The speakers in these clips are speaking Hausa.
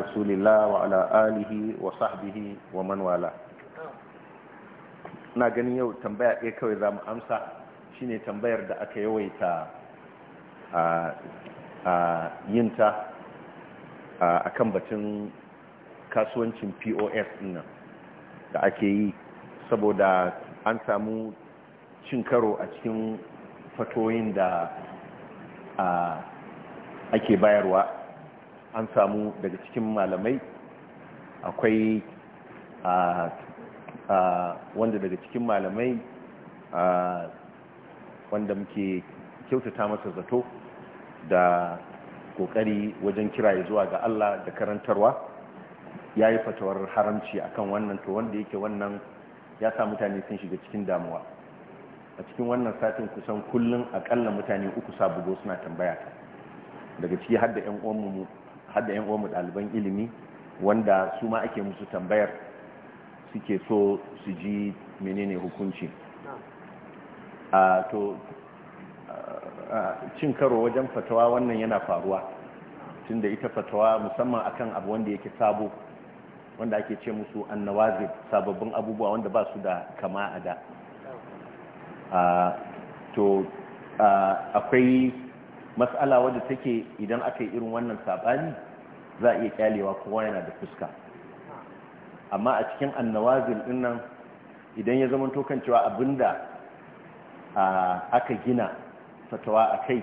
رسول الله وعلى آله وصحبه ومن والاه na ganin yau tambaya ɗaya kawai za mu amsa shine tambayar da aka yawaita a yin ta a kan batun kasuwancin pos nan da ake yi saboda an samu cin karo a cikin fatoyin da ake bayarwa an samu daga cikin malamai akwai wanda daga cikin malamai wanda muke kyautata masa zato da kokari wajen kiraye zuwa ga Allah da karantarwa ya yi fatawar haramci akan wannan to wanda yake wannan ya sa mutane sun shiga cikin damuwa a cikin wannan satin kusan kullum akalla mutane uku sabugo suna tambaya ta daga ciki har da 'yan uwanmu har da 'yan uwanmu ɗaliban ilimi wanda su ma ake musu tambayar suke so su ji menene hukunci a to cin karo wajen fatawa wannan yana faruwa tunda ita fatawa musamman akan abu wanda yake sabo wanda ake ce musu annawazi sababbin abubuwa wanda ba su da kama a da to akwai matsala wadda take idan aka yi irin wannan saɓani za a iya kyalewa kowa yana da fuska amma a cikin annawazin dinnan idan ya zama tokan cewa abinda aka gina fatawa a kai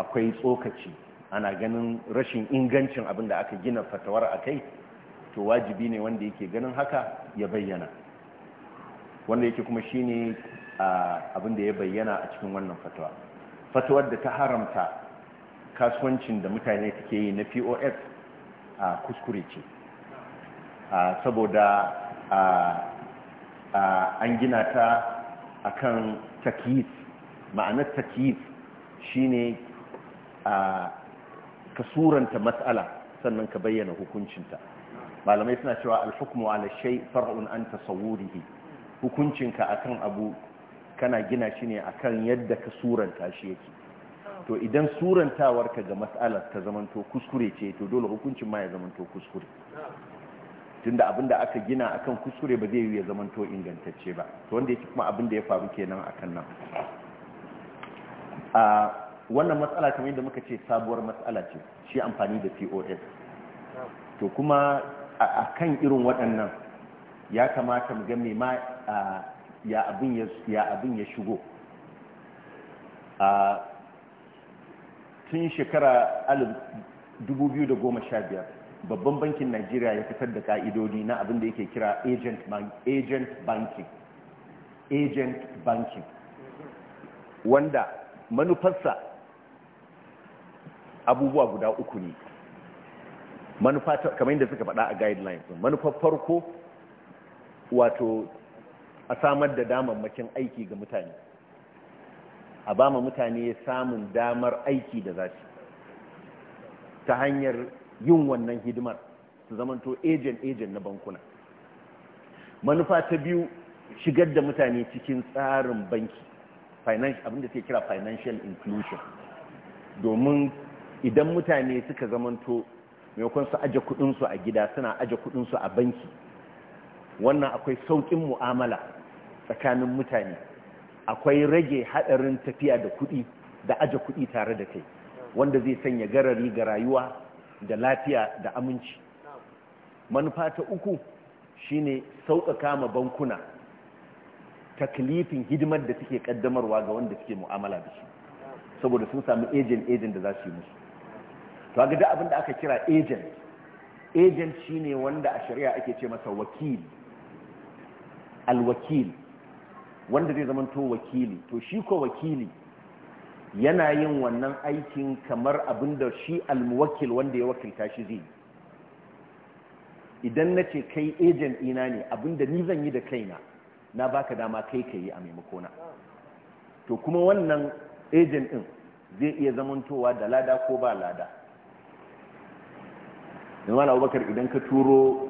akwai tsokaci ana ganin rashin ingancin abinda aka gina fatawar a kai to wajibi ne wanda yake ganin haka ya bayyana wanda yake kuma shine abinda ya bayyana a cikin wannan fatawa Fatuwar da ta haramta kasuwancin da mutane suke yi na pos a kuskure ce saboda an gina ta a kan takis ma'anar shi shine ka suranta matsala sannan ka bayyana hukuncinta malamai suna cewa alhukmu ala shai fara'un an tasawwurihi hukuncinka akan abu kana gina shi ne a kan yadda ka suranta shi yake to idan surantawarka ga matsalar ta zamanto kuskure ce to dole hukuncin ma ya zamanto kuskure tunda abinda aka gina akan kuskure ba zai yi ya zamanto ingantacce ba to wanda yake kuma abinda ya faru kenan kan nan a wannan matsala kamar yadda muka ce sabuwar matsala ce shi amfani da POS to kuma a kan irin waɗannan ya kamata mu ga me ma ya abin ya shigo a tun shekara 2015 babban bankin najeriya ya fitar da ka'idodi na abin da yake kira agent banking agent banking wanda manufarsa abubuwa guda uku ne manufa kamar yadda suka faɗa a guidelines manufar farko wato a samar da damammakin aiki ga mutane a ba ma mutane samun damar aiki da za su ta hanyar yin wannan hidimar su zamanto ejen-ejen na bankuna manufa ta biyu shigar da mutane cikin tsarin banki abinda ke kira financial inclusion domin idan mutane suka zamanto maimakon su aje kudinsu a gida suna aje kudinsu a banki wannan akwai saukin mu'amala tsakanin mutane akwai rage hadarin tafiya da kuɗi da aje kuɗi tare da kai wanda zai sanya garari ga rayuwa da lafiya da aminci manufa ta uku shine sauƙaƙa ma bankuna taklifin hidimar da suke ƙaddamarwa ga wanda suke mu'amala da shi saboda sun samu agent agent da za su yi musu to ga duk abin da aka kira agent agent shine wanda a shari'a ake ce masa wakil alwakil wanda zai zama to wakili to shi ko wakili yana yin wannan aikin kamar abin da shi almuwakil wanda ya wakilta shi zai idan na ce kai agent ina ne abin da ni zan yi da kaina na baka dama kai ka yi a maimakona to kuma wannan agent din zai iya zamantowa da lada ko ba lada imam abubakar idan ka turo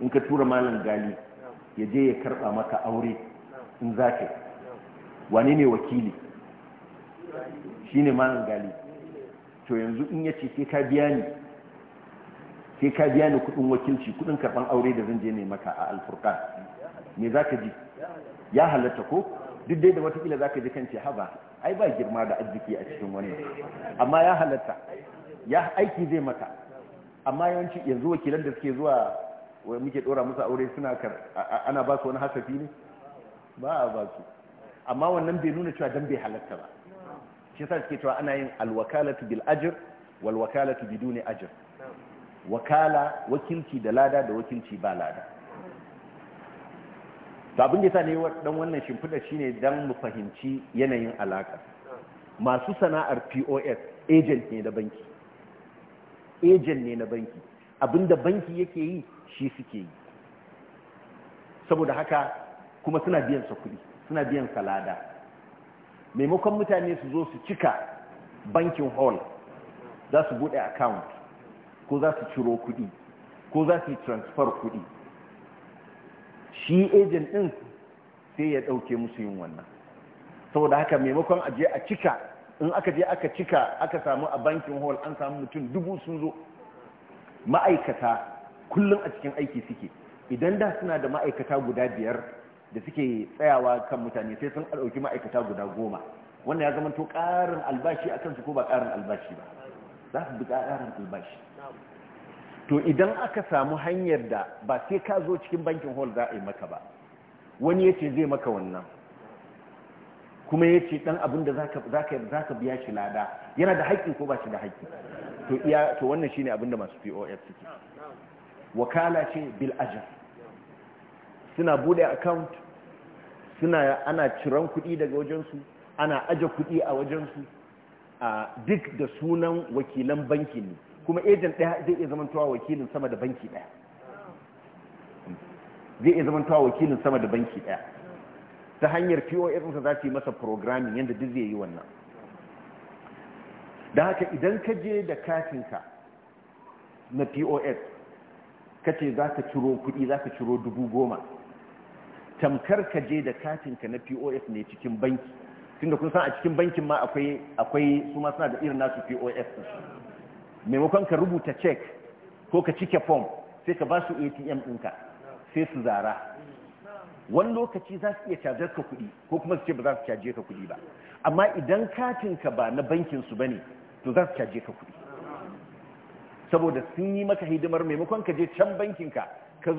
in ka tura malam gali ya je ya karba maka aure in za ka wane ne wakili shi ne malam gali to yanzu in ya ce sai ka biya ni sai ka biya ni kudin wakilci kudin karban aure da zan je ne maka a alfurkan me za ka ji ya halatta ko duk dai da watakila za ka ji kan ce haba ai ba girma da arziki a cikin wannan amma ya halatta ya aiki zai maka amma yawanci yanzu wakilan da suke zuwa muke dora musu aure suna ana ba su wani hasafi ne ba a ba su amma wannan bai nuna cewa dan bai halatta ba shi sa suke cewa ana yin alwakalatu bil ajr wal wakalatu biduni ajr wakala wakilci da lada da wakilci ba lada abin da ne dan wannan shimfida shine dan mu fahimci yanayin alaka masu sana'ar pos agent ne na banki agent ne na banki abinda banki yake yi shi suke yi saboda haka kuma suna biyan sa kuɗi suna biyan sa lada maimakon mutane su zo su cika bankin hall za su buɗe account ko za su ciro kuɗi ko za su transfer kuɗi shi agent ɗin sai ya ɗauke musu yin wannan saboda haka maimakon a je a cika in aka je aka cika aka samu a bankin hall an samu mutum dubu sun zo ma'aikata kullum a cikin aiki suke idan da suna da ma'aikata guda biyar da suke tsayawa kan mutane sai sun ɗauki ma'aikata guda goma wannan ya zama to ƙarin albashi a kansu ko ba ƙarin albashi ba za su bi ƙarin albashi to idan aka samu hanyar da ba sai ka zo cikin bankin hall za a yi maka ba wani ya ce zai maka wannan kuma ya ce ɗan abin da za ka biya shi lada yana da haƙƙi ko ba shi da haƙƙi to wannan shi ne abin da masu pof suke wakala ce bil ajin suna bude account suna ana ciran kuɗi daga wajensu ana aje kuɗi a wajensu a duk da sunan wakilan banki ne kuma ejen ɗaya zai iya zamantawa wakilin sama da banki ɗaya zai iya zamantawa wakilin sama da banki ɗaya ta hanyar pos ɗinsa za su yi masa programming yadda duk zai yi wannan da haka idan ka je da katinka na pos ka ce za ka ciro kuɗi za ka ciro dubu goma tamkar ka je da katinka na pos ne cikin banki tunda kun san a cikin bankin ma akwai akwai su ma suna da irin nasu pos maimakon ka rubuta check ko ka cike form sai ka ba su atm ɗinka sai su zara wani lokaci za su iya cajar ka kuɗi ko kuma su ce ba za su caje ka kuɗi ba amma idan katinka ba na su ba ne to za su caje ka kuɗi saboda sun yi maka hidimar maimakon ka je can bankin ka. ka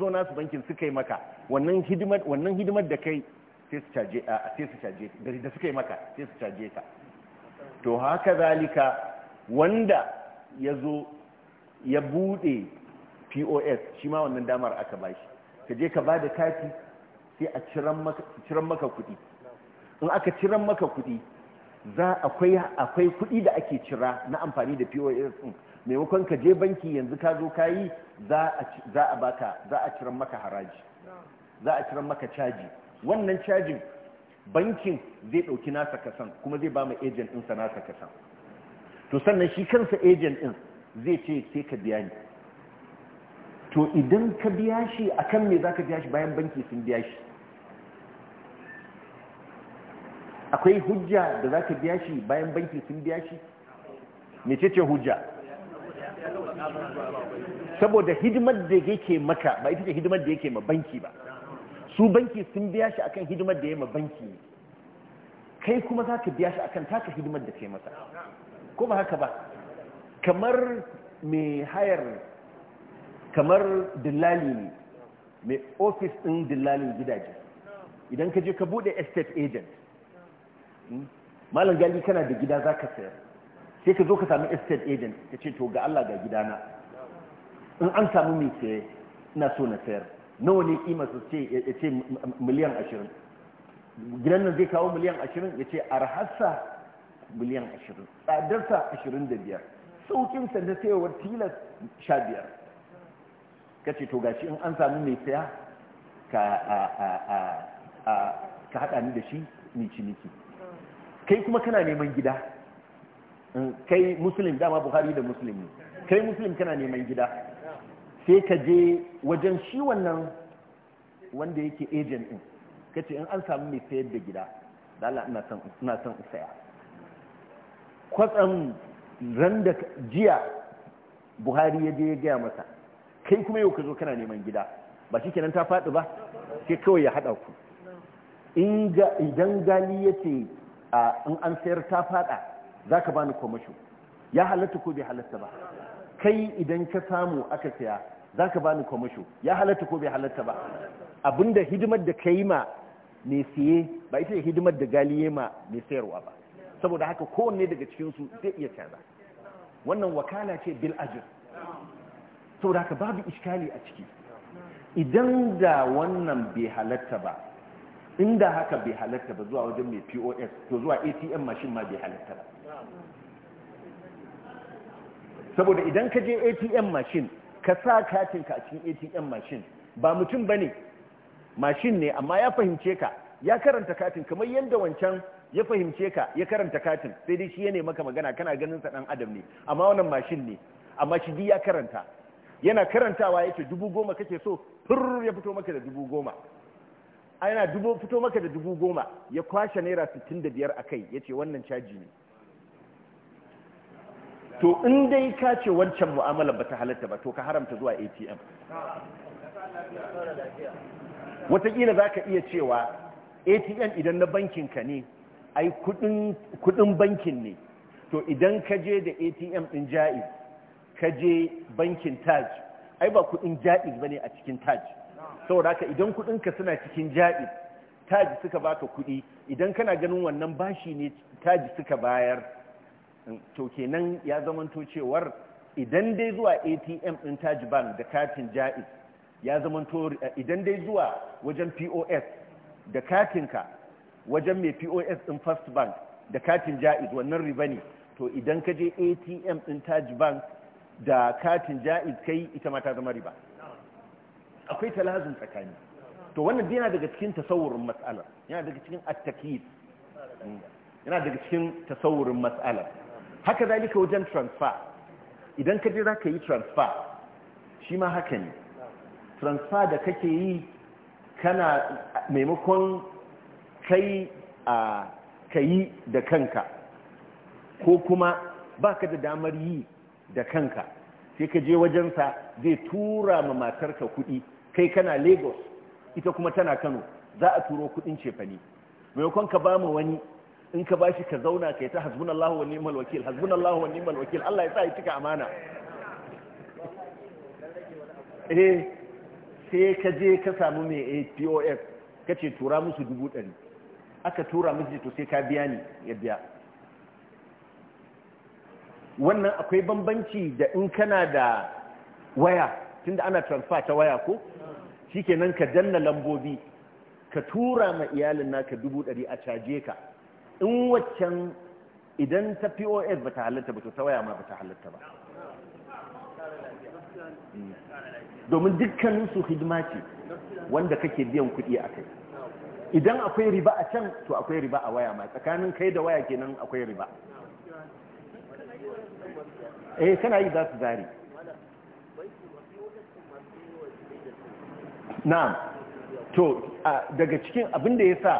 zo na bankin suka yi maka wannan hidimar da kai sai su caje suka yi maka sai ka to haka zalika wanda ya zo ya bude POS shi ma wannan damar aka bashi ka je ka bada kati sai a ciran maka ciran kuɗi in aka ciran maka kuɗi za akwai akwai kuɗi da ake cira na amfani da POS din maimakon ka je banki yanzu ka zo ka yi za a baka za a ciran maka haraji za a ciran maka caji wannan cajin bankin zai ɗauki nasa kasan kuma zai ba mu agent ɗinsa nasa kasan to sannan shi kansa agent ɗin zai ce sai ka biya ni to idan ka biya shi a kan me za ka biya shi bayan banki sun biya shi akwai hujja da za ka biya shi bayan banki sun biya shi mecece hujja saboda hidimar da yake maka ba ita ce hidimar da yake ma banki ba su banki sun biya shi akan hidimar da ya ma banki kai kuma za ka biya shi akan taka hidimar da ke masa ko ba haka ba kamar mai hayar kamar dillali ne mai ofis ɗin dillalin gidaje idan ka je ka buɗe estate agent hmm, malam gali kana da gida za ka sayar sai ka zo ka sami estate agent ka ce to ga Allah ga gidana in an samu mai saye ina so na sayar nawa ne kima su ce ya ce miliyan ashirin gidan nan zai kawo miliyan ashirin ya ce arhassa miliyan ashirin tsadarsa ashirin da biyar saukinsa na sayarwar tilas sha biyar ka ce to gashi in an samu mai saya ka haɗa ni da shi ni ciniki kai kuma kana neman gida kai muslim dama buhari da muslim ne kai muslim kana neman gida sai ka je wajen shi wannan wanda yake agent din ka ce in an samu mai sayar da gida da Allah na san ina son in saya kwatsam ran da jiya buhari ya je ya gaya masa kai kuma yau ka zo kana neman gida ba shi kenan ta faɗi ba sai kawai ya haɗa ku idan gali ya ce in an sayar ta faɗa za ka bani kwamasho ya halatta ko bai halatta ba kai idan ka samu aka saya za ka bani kwamasho ya halatta ko bai halatta ba abinda hidimar da ka yi ma mai siye ba ita da hidimar da galiye ma mai sayarwa ba saboda haka kowanne daga cikinsu zai iya canza wannan wakala ce bil ajin saboda haka babu iskali a ciki idan da wannan bai halatta ba In da haka bai halatta ba zuwa wajen mai pos to zuwa atm mashin ma bai halatta ba saboda idan ka je atm mashin ka sa katinka a cikin atm mashin ba mutum ba ne mashin ne amma ya fahimce ka ya karanta katin kamar yadda wancan ya fahimce ka ya karanta katin sai dai shi ya ne maka magana kana ganin sa dan adam ne amma wannan mashin ne amma shi ya karanta yana karantawa yake dubu goma kake so fur ya fito maka da dubu goma ana dubu fito maka da dubu goma ya kwashe naira sittin da biyar a kai ya ce wannan caji ne to in dai ka ce wancan mu'amalar ba ta halatta ba to ka haramta zuwa atm watakila za ka iya cewa atm idan na bankin ka ne ai kudin bankin ne to idan ka je da atm din ja'iz ka je bankin taj ai ba kudin ja'iz ba ne a cikin taj saboda haka idan kuɗinka suna cikin ja'i taji suka baka kuɗi idan kana ganin wannan bashi ne taji suka bayar mm, to kenan ya zamanto cewar idan dai zuwa atm ɗin taji bank da katin ja'i ya zamanto eh, idan dai zuwa wajen pos da katinka wajen mai pos ɗin first bank da katin ja'iz wannan riba ne to idan ka je atm ɗin taji bank da katin ja'iz kai ita ma ta zama riba akwai talazin tsakani to wannan yana daga cikin tasawurin matsalar. yana daga cikin attakid yana daga cikin tasawurin matsalar. haka zalika wajen transfer idan ka je zaka yi transfer shi ma haka ne transfer da kake yi kana maimakon kai a kayi da kanka ko kuma ba ka da damar yi da kanka sai ka je wajensa zai tura ma matarka kuɗi kai kana lagos ita kuma tana kano za a turo kudin cefane maimakon ka ba mu wani in ka bashi ka zauna ka yi ta hasbunallahu wa ni'mal wakil hasbunallahu wa ni'mal wakil Allah ya sa ya cika amana eh sai ka je ka samu mai APOF ka ce tura musu dubu ɗari aka tura musu to sai ka biya ni ya biya wannan akwai bambanci da in kana da waya tunda ana transfer ta waya ko shikenan ka danna lambobi ka tura ma iyalin naka dubu ɗari a caje ka in waccan idan ta pos ba ta halatta ba to ta waya ma ba ta halatta ba domin dukkaninsu hidima ce wanda kake biyan kuɗi a kai idan akwai riba a can to akwai riba a waya ma tsakanin kai da waya kenan akwai riba eh kana yi za su zari na'am to daga cikin abin da ya sa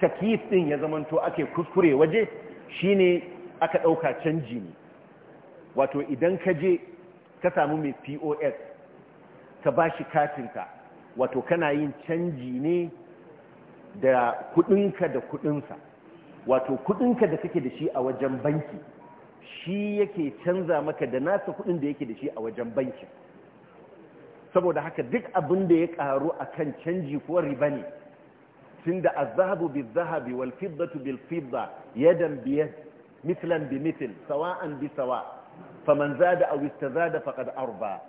takis din ya zamanto ake kuskure waje shine aka ɗauka canji ne wato idan ka je ka samu mai pos ka ba shi katinka wato kana yin canji ne da kudinka da kudinsa wato kudinka da kake da shi a wajen banki shi yake canza maka da nasa kudin da yake da shi a wajen banki saboda haka duk abin da ya karu akan canji ko riba ne tunda az-zahabu biz-zahabi wal-fiddatu bil-fidda yadan bi yad bi mithl sawa'an bi sawa faman zada aw istazada faqad arba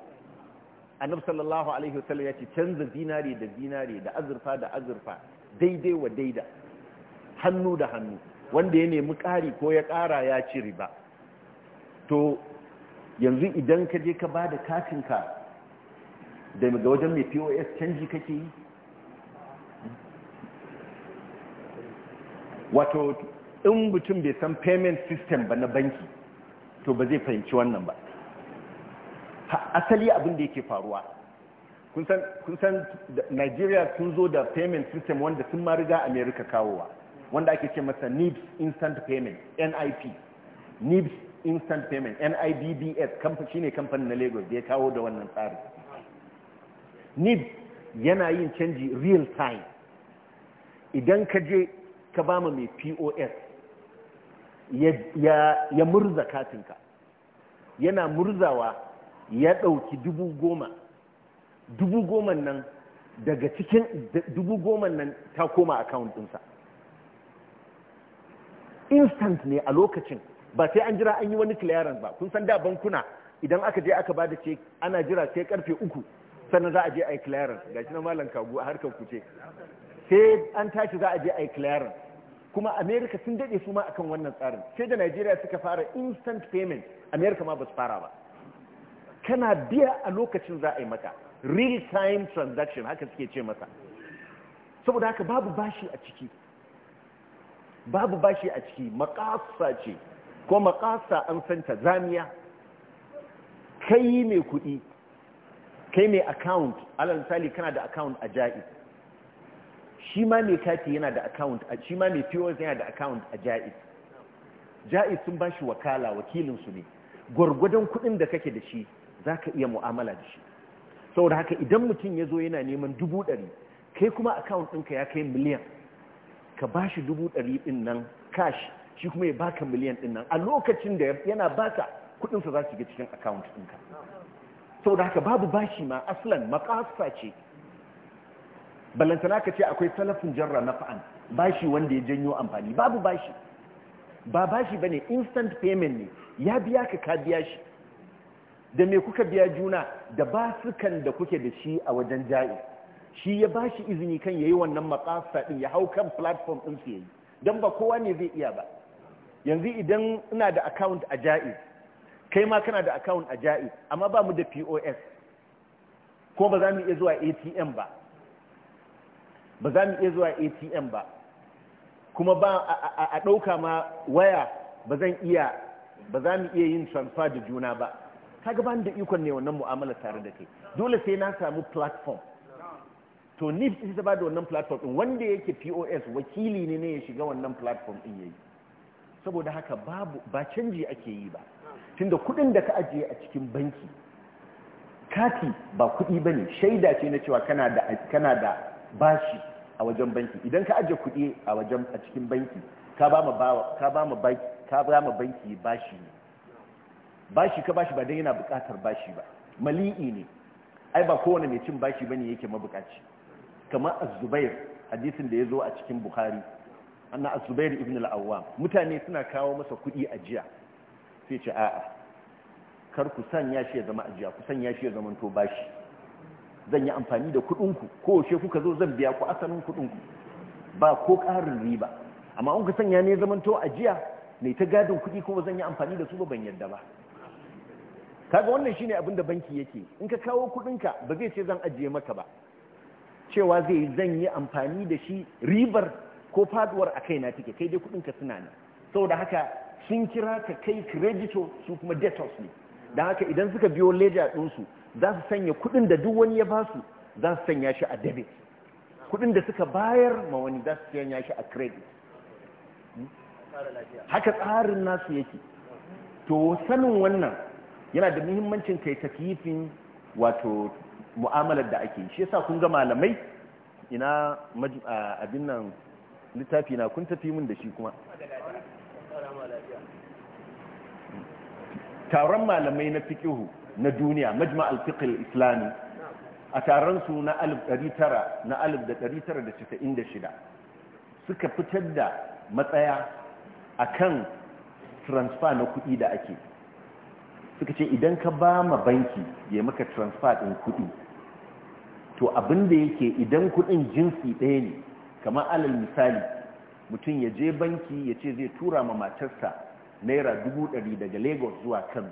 annabi sallallahu alaihi wasallam yace canza dinari da dinari da azurfa da azurfa daidai wa daida hannu da hannu wanda ya nemi ƙari ko ya ƙara ya ci riba to yanzu idan ka je ka bada katinka da ga wajen mai pos canji kake yi wato in mutum bai san payment system ba na banki to ba zai fahimci wannan ba asali abin da yake faruwa kun san nigeria sun zo da payment system wanda sun mariga america kawowa wanda ake ce masa nibs instant payment nip nibs instant payment NIBBS, shi ne kamfanin na lagos da ya kawo da wannan tsari nib yana yin canji real time idan ka je ka ba mai pos ya murza katinka yana murzawa ya ɗauki dubu goma dubu goma nan daga cikin dubu goma nan ta koma account ɗinsa instant ne a lokacin ba sai an jira an yi wani clearance ba kun san da bankuna idan aka je aka ba da ce ana jira sai karfe uku sannan za a je a yi clearance ga shi na malam kagu a harkar kuce sai an tashi za a je a yi clearance kuma america sun dade su ma akan wannan tsarin sai da nigeria suka fara instant payment america ma ba su fara ba kana biya a lokacin za a yi mata real time transaction haka suke ce masa saboda haka babu bashi a ciki babu bashi a ciki makasa ce ko makasa an santa zamiya kai mai kuɗi kai mai account alal misali kana da account a ja'i shi ma mai kati yana da account shi ma mai POS yana da account a ja'i ja'i sun ba shi wakala wakilin su ne gwargwadon kuɗin da kake da shi za ka iya mu'amala da shi saboda haka idan mutum ya zo yana neman dubu ɗari kai kuma account ɗinka ya kai miliyan ka ba shi dubu ɗari ɗin nan cash shi kuma ya baka miliyan ɗin nan a lokacin da yana baka kuɗinsa za su ga cikin account ɗinka da haka babu bashi ma aslan makasa ce ballantana ka ce akwai salafin jarra na fa'an bashi wanda ya janyo amfani babu bashi ba bashi bane instant payment ne ya biya ka ka biya shi da me kuka biya juna da basukan da kuke da shi a wajen ja'i shi ya bashi izini kan ya yi wannan makasa ɗin ya hau kan platform ɗin su yayi dan ba kowa ne zai iya ba yanzu idan ina da account a ja'i kai ma kana da account a ja'i amma ba mu da pos ko ba za mu iya zuwa atm ba ba za mu iya zuwa atm ba kuma ba a ɗauka ma waya ba zan iya ba za mu iya yin transfer da juna ba ka gaba da ikon ne wannan mu'amala tare da kai dole sai na samu platform to ni fi ta ba da wannan platform ɗin wanda yake pos wakili ne ne ya shiga wannan platform ɗin yayi saboda haka babu ba canji ake yi ba da kuɗin da ka ajiye a cikin banki kati ba kudi bane shaida ce na cewa kana da kana da bashi a wajen banki idan ka ajiye kudi a wajen a cikin banki ka ba mu banki bashi ne bashi ka bashi ba dan yana bukatar bashi ba mali'i ne ai ba kowane mai cin bashi bane yake mabukaci kamar az-zubair hadisin da ya zo a cikin bukhari anna az-zubair ibn al-awwam mutane suna kawo masa kudi ajiya sai ce a'a kar ku sanya shi ya zama ajiya ku sanya shi ya zama to bashi zan yi amfani da kuɗin ko she kuka zo zan biya ku asalin kuɗinku, ba ko ƙarin riba amma in ku sanya ne zaman to ajiya ne ta gadin kuɗi kuma zan yi amfani da su ba ban yarda ba kaga wannan shine abin da banki yake in ka kawo kuɗinka ba zai ce zan ajiye maka ba cewa zai zan yi amfani da shi ribar ko faduwar a kaina take kai dai kuɗinka suna nan saboda haka sun kira ka kai kredito su kuma debtors ne don haka idan suka biyo ledger ɗinsu za su sanya kuɗin da duk wani ya ba su za su sanya shi a debit kuɗin da suka bayar ma wani za su sanya shi a credit hmm? haka tsarin nasu yake to sanin wannan yana da muhimmancin kai takifin wato mu'amalar da ake shi yasa kun ga malamai ina abin nan littafi na kun tafi mun da shi kuma taron malamai na fikihu na duniya majma al islami a taron su na 1996 suka fitar da matsaya akan transfer na kuɗi da ake suka ce idan ka ba ma banki ya maka transfer ɗin kuɗi to abin da yake idan kuɗin jinsi ɗaya ne kamar alal misali mutum ya je banki ya ce zai tura ma matarsa naira dubu ɗari daga lagos zuwa kano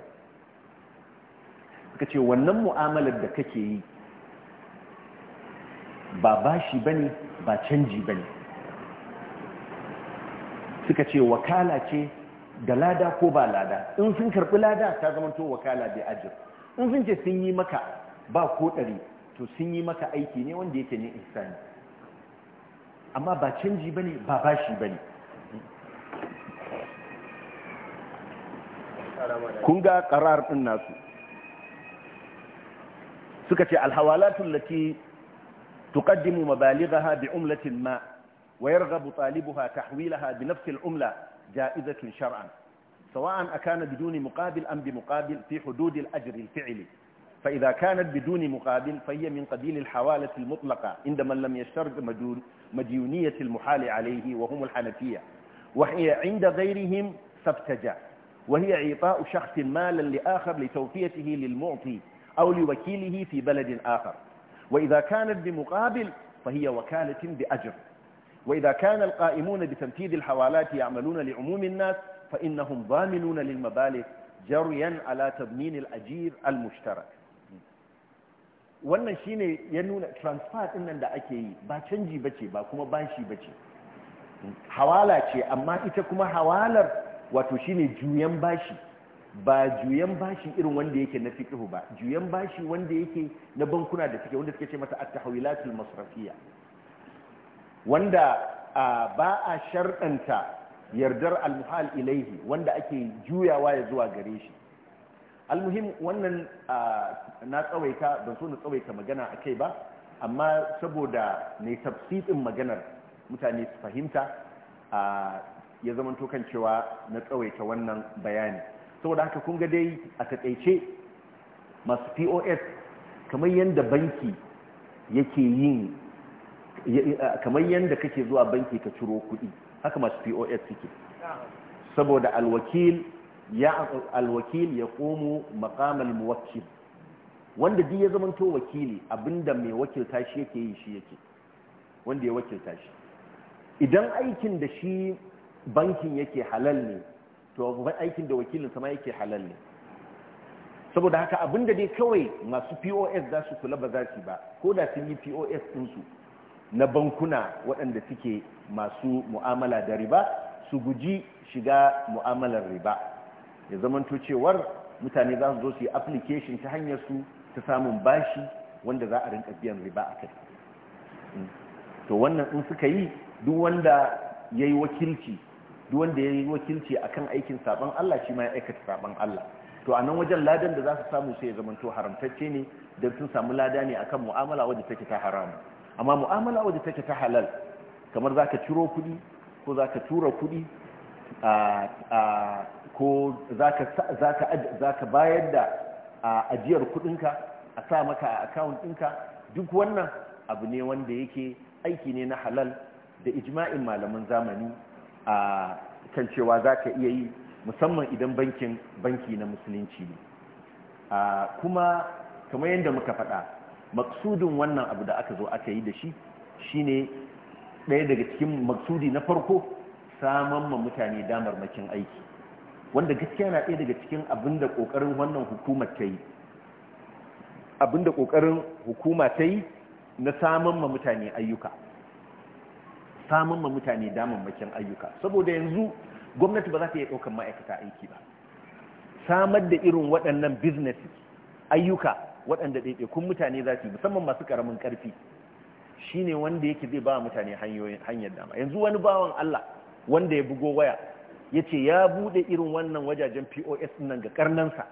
suka ce wannan mu'amalar da kake yi ba bashi ba ne ba canji ba ne suka ce wakala ce da lada ko ba lada in sun karɓi lada ta zamanto wakala bai ajiyar in sun ce sun yi maka ba ko ɗari to sun yi maka aiki ne wanda yake ne insani amma ba canji ba ne ba bashi ba ne kun ga qarar din nasu suka ce alhawalatu lati tuqaddimu mabalighaha bi umlatin ma wa yarghabu talibuha tahwilaha bi nafsi al-umla ja'izatun shar'an سواء أكان بدون مقابل أم بمقابل في حدود الأجر الفعلي فإذا كانت بدون مقابل فهي من قبيل الحوالة المطلقة عندما لم يشترط مديونية المحال عليه وهم الحنفية وهي عند غيرهم سبتجا وهي إعطاء شخص مالا لآخر لتوفيته للمعطي أو لوكيله في بلد آخر وإذا كانت بمقابل فهي وكالة بأجر وإذا كان القائمون بتنفيذ الحوالات يعملون لعموم الناس فإنهم ضامنون للمبالغ جريا على تضمين الأجير المشترك wannan shine ya nuna transfer din nan da ake yi ba canji bace ba kuma bashi bace hawala ce amma ita kuma hawalar wato shine juyan bashi ba juyan bashi irin wanda yake na fiqhu ba juyan bashi wanda yake na bankuna da suke wanda suke ce masa at-tahwilatul masrafiyya wanda ba a sharɗanta yardar al-muhal ilaihi wanda ake juyawa ya zuwa gare shi almuhim wannan na tsawaita ban so na tsawaita magana a kai ba amma saboda mai tafsirin maganar mutane su fahimta ya zama kan cewa na tsawaita wannan bayani saboda haka kun ga dai a taƙaice masu pos kamar yadda banki yake yin kamar yadda kake zuwa banki ka ciro kuɗi haka masu pos suke saboda alwakil ya alwakil ya komo makamal muwakil wanda duk ya zamanto wakili abinda mai wakilta shi yake yi shi yake wanda ya wakilta shi idan aikin da shi bankin yake halal ne to aikin da wakilin sama yake halal ne saboda haka abinda dai kawai masu pos za su kula ba za su ba ko da sun yi pos ɗinsu na bankuna waɗanda suke masu mu'amala da riba su guji shiga mu'amalar riba ya zamanto cewar mutane za su zo su yi application ta hanyar su ta samun bashi wanda za a rinka biyan riba a kai to wannan in suka yi duk wanda ya yi wakilci duk wanda ya yi wakilci akan aikin saban Allah shi ma ya aikata saban Allah to a nan wajen ladan da za su samu sai ya to haramtacce ne don sun samu lada ne akan mu'amala wadda take ta haramu amma mu'amala wadda take ta halal kamar za ciro kudi ko za ka tura kuɗi ko za ka bayar da ajiyar kuɗinka a sa maka a din ɗinka duk wannan abu ne wanda yake aiki ne na halal da ijma'in malaman zamani a kan cewa za ka iya yi musamman idan bankin banki na musulunci ne kuma kamar yadda muka faɗa maksudin wannan abu da aka zo aka yi da shi shine ɗaya daga cikin maksudi na farko saman ma mutane damar makin aiki wanda gaskiya na ɗaya daga cikin abin ƙoƙarin wannan hukumar abin da ƙoƙarin hukuma ta yi na saman ma mutane ayyuka samun ma mutane damammakin ayyuka saboda yanzu gwamnati ba za ta iya ɗaukar ma'aikata aiki ba samar da irin waɗannan business ayyuka waɗanda ɗaiɗaikun mutane za su yi musamman masu ƙaramin ƙarfi shi ne wanda yake zai ba mutane hanyar dama yanzu wani bawan Allah wanda ya bugo waya ya ce ya buɗe irin wannan wajajen pos nan ga ƙarnansa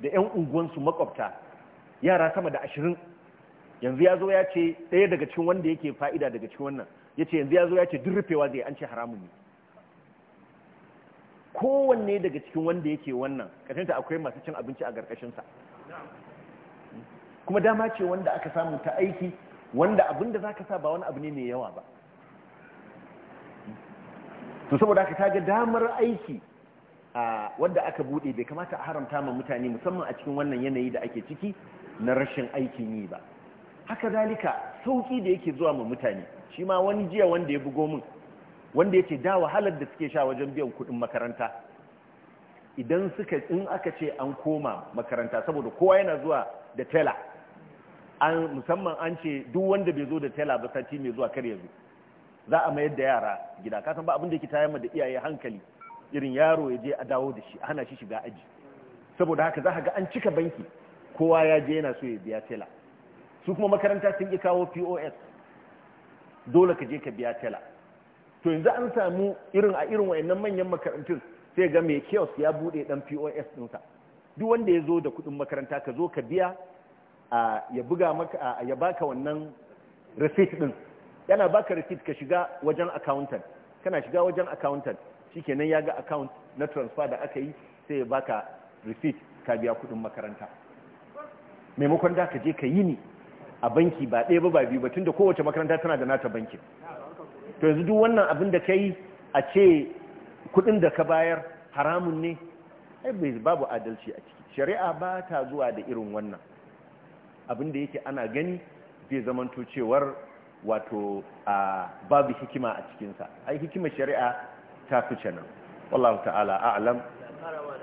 da 'yan unguwansu makwabta yara sama da ashirin yanzu ya zo ya ce ɗaya daga cikin wanda yake fa'ida daga cikin wannan ya ce yanzu ya zo ya ce durfewa zai an ce haramun ne kowanne daga cikin wanda yake wannan ƙarfinta akwai masu cin abinci a ƙarƙashinsa kuma dama ce wanda aka samu ta aiki wanda abin da za ka sa ba wani abu ne mai yawa ba to saboda aka kaga damar aiki a wadda aka buɗe bai kamata a haramta ma mutane musamman a cikin wannan yanayi da ake ciki na rashin aikin yi ba haka zalika sauki da yake zuwa ma mutane shi ma wani jiya wanda ya bugo min wanda yake da wahalar da suke sha wajen biyan kuɗin makaranta idan suka in aka ce an koma makaranta saboda kowa yana zuwa da tela an musamman an ce duk wanda bai zo da tela ba sati mai zuwa kar ya zo za a mayar da yara gida ka san ba abin da yake tayar da iyaye hankali irin yaro ya je a dawo da shi hana shi shiga aji saboda haka za ka ga an cika banki kowa ya je yana so ya biya tela su kuma makaranta sun yi kawo POS dole ka je ka biya tela to yanzu an samu irin a irin wayannan manyan makarantun sai ga mai kiosk ya bude dan POS ɗinka duk wanda ya zo da kuɗin makaranta ka zo ka biya A ya buga maka ya baka wannan receipt din yana baka receipt ka shiga wajen accountant kana shiga wajen accountant shikenan ya ga account na transfer da aka yi sai ya baka receipt ka biya kuɗin makaranta maimakon da ka je ka yi ni a banki ba ɗaya ba ba biyu ba tunda kowace makaranta tana da nata bankin to yanzu duk wannan abin da kai a ce kuɗin da ka bayar haramun ne ai babu adalci a ciki shari'a ba ta zuwa da irin wannan abin da yake ana gani zai zamanto cewar wato babu hikima a cikinsa ai hikimar shari'a ta fi nan wallahu ta'ala a'lam